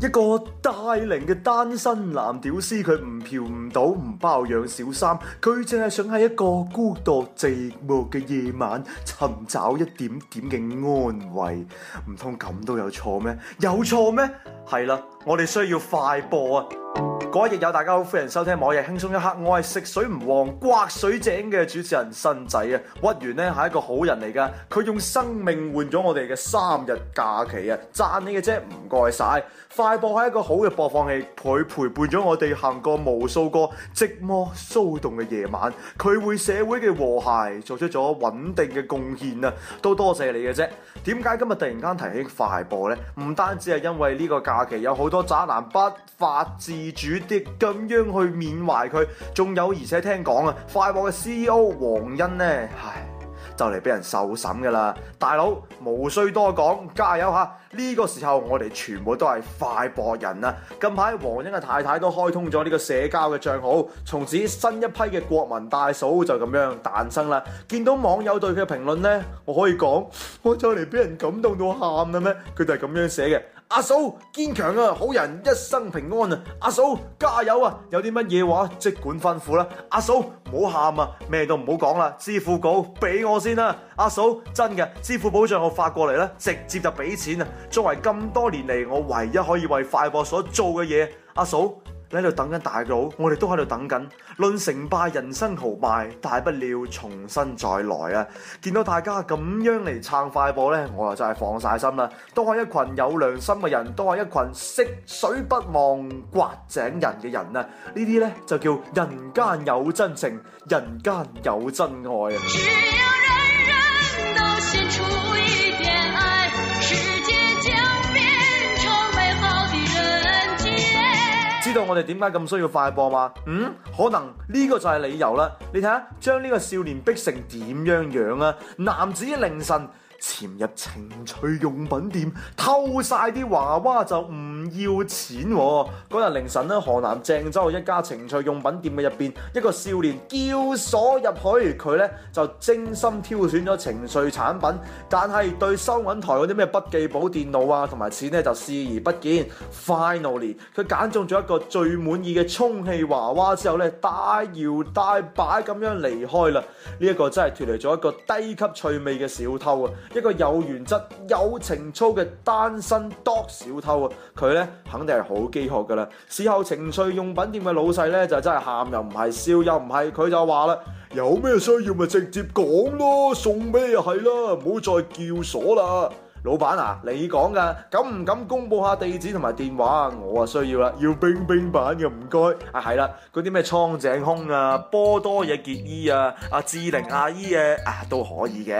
一個大齡嘅單身男屌絲，佢唔嫖唔賭，唔包養小三，佢淨係想喺一個孤獨寂寞嘅夜晚尋找一點點嘅安慰，唔通咁都有錯咩？有錯咩？係啦，我哋需要快播啊！各位友，大家好，歡迎收聽《網易輕鬆一刻》，我係食水唔旺、刮水井嘅主持人新仔啊！屈原呢係一個好人嚟噶，佢用生命換咗我哋嘅三日假期啊！讚你嘅啫，唔該晒！快播係一個好嘅播放器，佢陪,陪伴咗我哋行過無數個寂寞騷動嘅夜晚，佢為社會嘅和諧做出咗穩定嘅貢獻啊！都多謝你嘅啫。點解今日突然間提起快播呢？唔單止係因為呢個假期有好多渣男不法自主。咁樣去緬懷佢，仲有而且聽講啊，快播嘅 CEO 王欣呢，唉，就嚟俾人受審噶啦！大佬，無需多講，加油吓！呢個時候我哋全部都係快播人啊！近排王欣嘅太太都開通咗呢個社交嘅賬號，從此新一批嘅國民大嫂就咁樣誕生啦！見到網友對佢嘅評論呢，我可以講，我就嚟俾人感動到喊啦咩？佢就係咁樣寫嘅。阿嫂堅強啊，好人一生平安啊！阿嫂加油啊！有啲乜嘢話，即管吩咐啦！阿嫂唔好喊啊，咩都唔好講啦！支付寶俾我先啦啊！阿嫂真嘅，支付寶賬號發過嚟啦，直接就俾錢啊！作為咁多年嚟我唯一可以為快播所做嘅嘢，阿嫂。你喺度等緊大佬，我哋都喺度等緊。論成敗，人生豪邁，大不了重新再來啊！見到大家咁樣嚟撐快播呢，我又真係放晒心啦。都係一群有良心嘅人，都係一群食水不忘掘井人嘅人啊！呢啲呢，就叫人間有真情，人間有真愛啊！只要人人都知道我哋點解咁需要快播嘛？嗯，可能呢個就係理由啦。你睇下，將呢個少年逼成點樣樣啊？男子嘅凌晨。潛入情趣用品店偷晒啲娃娃就唔要錢喎。嗰日凌晨咧，河南鄭州一家情趣用品店嘅入邊，一個少年撬鎖入去，佢咧就精心挑選咗情趣產品，但係對收銀台嗰啲咩筆記簿、電腦啊同埋錢咧就視而不見。Finally，佢揀中咗一個最滿意嘅充氣娃娃之後咧，大搖大擺咁樣離開啦。呢一個真係脱離咗一個低級趣味嘅小偷啊！一個有原則、有情操嘅單身 dog 小偷啊，佢咧肯定係好飢渴噶啦。事後情趣用品店嘅老細咧就真係喊又唔係笑又唔係，佢就話啦：有咩需要咪直接講咯，送俾你係啦，唔好再叫鎖啦。老闆啊，你講噶，敢唔敢公布下地址同埋電話啊？我啊需要啦，要冰冰版嘅，唔該啊。係啦，嗰啲咩蒼井空啊、波多野結衣啊、阿志玲阿姨嘅啊都可以嘅。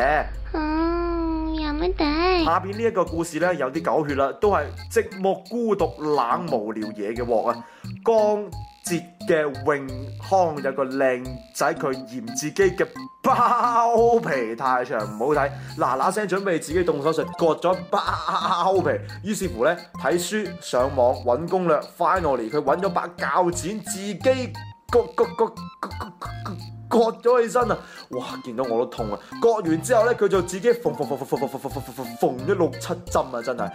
下邊呢一個故事呢，有啲狗血啦，都係寂寞孤獨冷無聊嘢嘅鑊啊！江浙嘅永康有個靚仔，佢嫌自己嘅包皮太長唔好睇，嗱嗱聲準備自己動手術割咗包皮，於是乎呢，睇書上網揾攻略，finally 佢揾咗把鉸剪自己割咗起身啊！哇，見到我都痛啊！割完之後咧，佢就自己縫縫縫縫縫縫縫縫縫咗六七針啊！真係，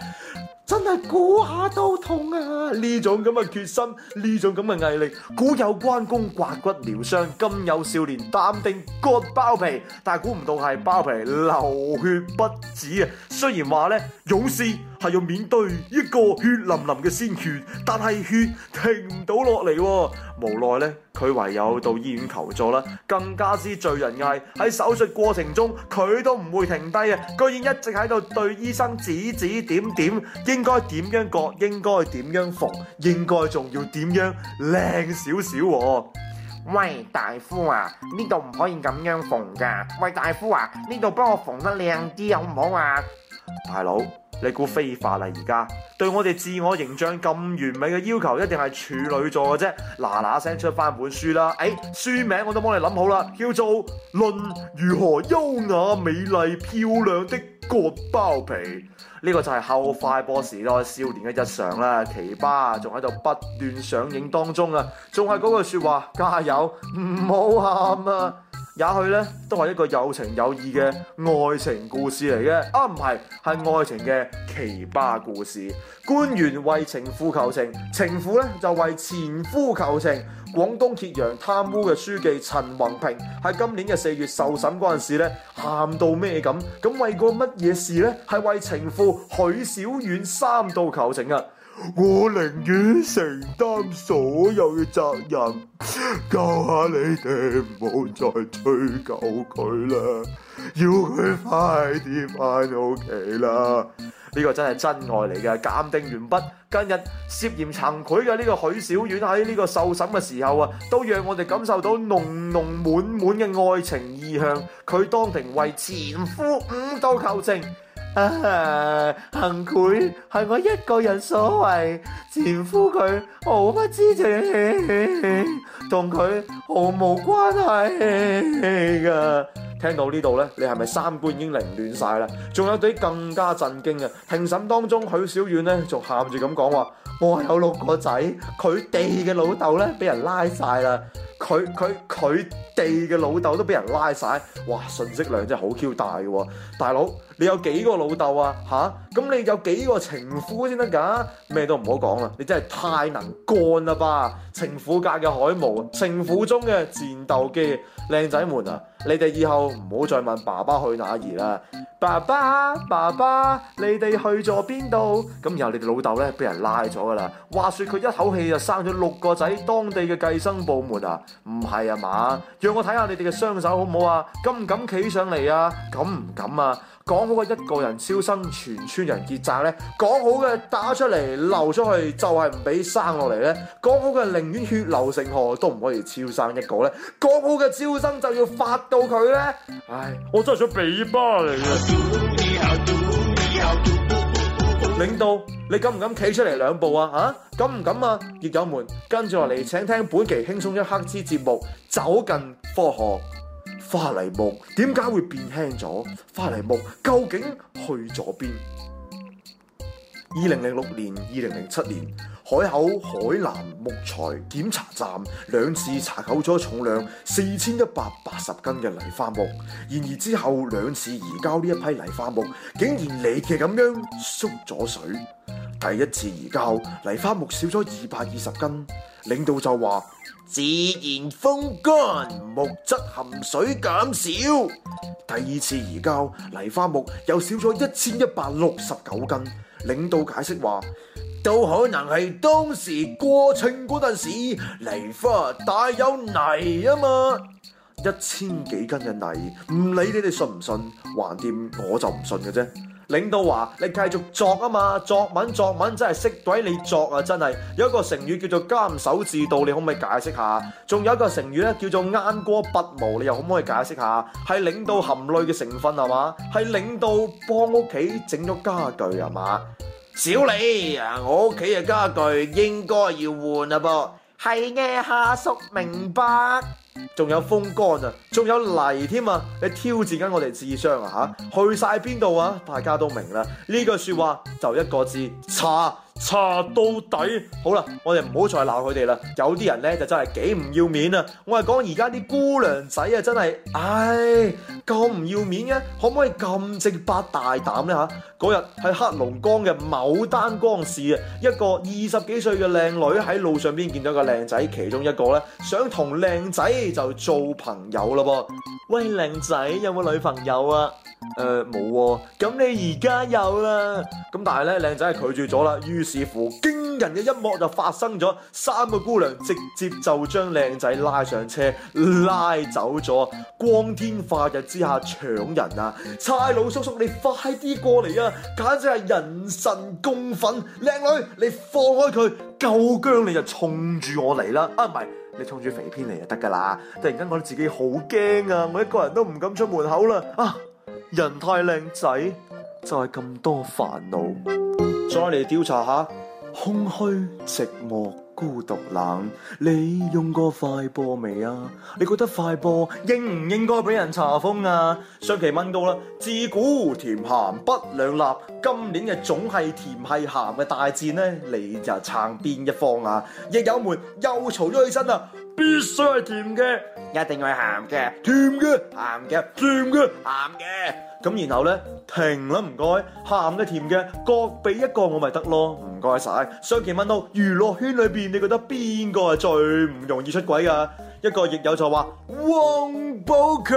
真係估下都痛啊！呢種咁嘅決心，呢種咁嘅毅力，古有關公刮骨療傷，今有少年淡定割包皮，但係估唔到係包皮流血不止啊！雖然話咧，勇士。係要面對一個血淋淋嘅鮮血，但係血停唔到落嚟，無奈呢，佢唯有到醫院求助啦。更加之罪人嘅係喺手術過程中，佢都唔會停低啊！居然一直喺度對醫生指指點點，應該點樣割，應該點樣縫，應該仲要點樣靚少少？喂，大夫啊，呢度唔可以咁樣縫噶。喂，大夫啊，呢度幫我縫得靚啲好唔好啊？大佬。你估非法啦而家？對我哋自我形象咁完美嘅要求，一定係處女座嘅啫，嗱嗱聲出翻本書啦！誒，書名我都幫你諗好啦，叫做《論如何優雅美麗漂亮的割包皮》。呢個就係後快播時代少年嘅日常啦，奇葩仲喺度不斷上映當中啊！仲係嗰句説話，加油，唔好喊啊！也許呢都係一個有情有義嘅愛情故事嚟嘅。啊唔係，係愛情嘅奇葩故事。官員為情婦求情，情婦呢就為前夫求情。廣東揭陽貪污嘅書記陳宏平，喺今年嘅四月受審嗰陣時呢，喊到咩咁？咁為過乜嘢事呢？係為情婦許小遠三度求情啊！我寧願承擔所有嘅責任，救下你哋，唔好再追究佢啦，要佢快啲翻屋企啦。呢個真係真愛嚟嘅，鑑定完畢。近日涉嫌殘佢嘅呢個許小婉喺呢個受審嘅時候啊，都讓我哋感受到濃濃滿滿嘅愛情意向。佢當庭為前夫五度求情。啊！行賄係我一個人所為，前夫佢毫不知情，同佢毫無關係噶。聽到呢度咧，你係咪三觀已經凌亂晒啦？仲有啲更加震驚嘅，庭審當中許小遠咧，仲喊住咁講話：我有六個仔，佢哋嘅老豆咧，俾人拉晒啦。佢佢佢哋嘅老豆都俾人拉曬，哇！信息量真係好 Q 大嘅、啊、喎，大佬你有幾個老豆啊？吓、啊？咁你有幾個情婦先得㗎？咩都唔好講啦，你真係太能幹啦吧？情婦界嘅海王，情婦中嘅戰鬥機，靚仔們啊！你哋以後唔好再問爸爸去哪兒啦，爸爸爸爸，你哋去咗邊度？咁然後你哋老豆咧，俾人拉咗噶啦。話説佢一口氣就生咗六個仔，當地嘅計生部門啊，唔係啊嘛？讓我睇下你哋嘅雙手好唔好啊？敢唔敢企上嚟啊？敢唔敢啊？講好嘅一個人超生，全村人結紮呢。講好嘅打出嚟流出去，就係唔俾生落嚟呢，講好嘅寧願血流成河，都唔可以超生一個呢，講好嘅招生就要發到佢呢。唉，我真係想俾巴你啊！領導，你敢唔敢企出嚟兩步啊？嚇、啊，敢唔敢啊？業友們，跟住落嚟請聽本期輕鬆一刻之節目《走近科學》。花梨木點解會變輕咗？花梨木究竟去咗邊？二零零六年、二零零七年，海口海南木材檢查站兩次查扣咗重量四千一百八十斤嘅梨花木，然而之後兩次移交呢一批梨花木，竟然離奇咁樣縮咗水。第一次移交，梨花木少咗二百二十斤，領導就話。自然風乾，木質含水減少。第二次移交，泥花木又少咗一千一百六十九斤。領導解釋話，都可能係當時過程嗰陣時泥花帶有泥啊嘛，一千幾斤嘅泥，唔理你哋信唔信，橫掂我就唔信嘅啫。領導話你繼續作啊嘛，作文作文真係識鬼你作啊，真係有一個成語叫做監守自盜，你可唔可以解釋下？仲有一個成語咧叫做雁過拔毛，你又可唔可以解釋下？係領導含淚嘅成分係嘛？係領導幫屋企整咗家具係嘛？小李啊，我屋企嘅家具應該要換呀噃，係嘅下屬明白。仲有風乾還有還啊，仲有泥添啊！你挑戰緊我哋智商啊，去曬邊度啊？大家都明啦，呢句説話就一個字：差。查到底，好啦，我哋唔好再鬧佢哋啦。有啲人咧就真係幾唔要面啊！我係講而家啲姑娘仔啊，真係，唉，咁唔要面嘅，啊，可唔可以咁直白大膽呢？吓，啊？嗰日喺黑龍江嘅牡丹江市啊，一個二十幾歲嘅靚女喺路上邊見到一個靚仔，其中一個咧想同靚仔就做朋友咯噃。喂，靚仔有冇女朋友啊？誒，冇喎、呃，咁、啊、你而家有啦，咁但係咧，靚仔係拒絕咗啦。於是乎，驚人嘅一幕就發生咗，三個姑娘直接就將靚仔拉上車，拉走咗。光天化日之下搶人啊！差佬叔叔，你快啲過嚟啊！簡直係人神共憤。靚女，你放開佢，夠姜你就衝住我嚟啦，啊唔係，你衝住肥片嚟就得噶啦。突然間，覺得自己好驚啊，我一個人都唔敢出門口啦，啊！人太靚仔就係咁多煩惱，再嚟調查下空虛寂寞孤獨冷，你用過快播未啊？你覺得快播應唔應該俾人查封啊？上期問到啦，自古甜咸不兩立，今年嘅總係甜係咸嘅大戰呢，你又撐邊一方啊？亦友們又嘈咗起身啦！必須係甜嘅，一定係鹹嘅，甜嘅，鹹嘅，甜嘅，鹹嘅。咁然後呢，停啦，唔該，鹹嘅，甜嘅，各俾一個我咪得咯，唔該晒。上期問到娛樂圈裏邊你覺得邊個係最唔容易出軌㗎？一個業友就話：王寶強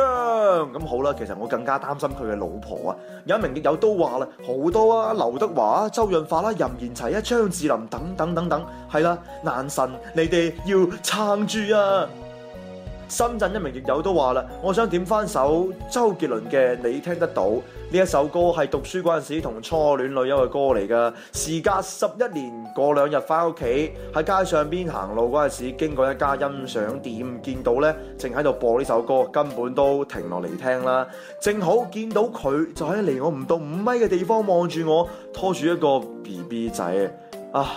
咁好啦，其實我更加擔心佢嘅老婆啊！有一名業友都話啦，好多啊，劉德華啊、周潤發啦、任賢齊啊、張智霖等等等等，係啦、啊，男神你哋要撐住啊！深圳一名益友都話啦，我想點翻首周杰倫嘅《你聽得到》呢一首歌，係讀書嗰陣時同初戀女友嘅歌嚟㗎。時隔十一年過兩日，翻屋企喺街上邊行路嗰陣時，經過一家音響店，見到呢正喺度播呢首歌，根本都停落嚟聽啦。正好見到佢就喺離我唔到五米嘅地方望住我，拖住一個 BB 仔啊！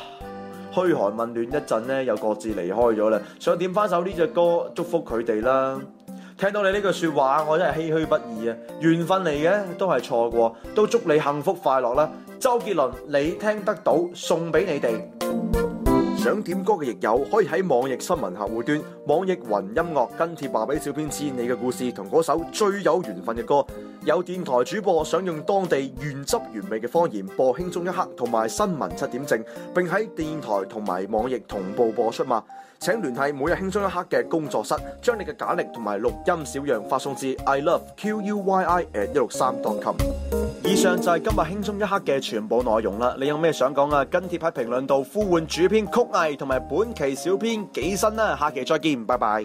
噓寒問暖一陣咧，又各自離開咗啦。想點翻首呢隻歌祝福佢哋啦。聽到你呢句說話，我真係唏噓不已啊。緣分嚟嘅都係錯過，都祝你幸福快樂啦。周杰倫，你聽得到？送俾你哋。想點歌嘅亦有，可以喺網易新聞客戶端、網易雲音樂跟帖話俾小編知，你嘅故事同嗰首最有緣分嘅歌。有電台主播想用當地原汁原味嘅方言播輕鬆一刻同埋新聞七點正，並喺電台同埋網易同步播出嘛？請聯繫每日輕鬆一刻嘅工作室，將你嘅簡歷同埋錄音小樣發送至 i love q u y i at 163.com。以上就係今日輕鬆一刻嘅全部內容啦！你有咩想講啊？跟貼喺評論度呼喚主編曲藝同埋本期小編紀新啦，啊！下期再見，拜拜。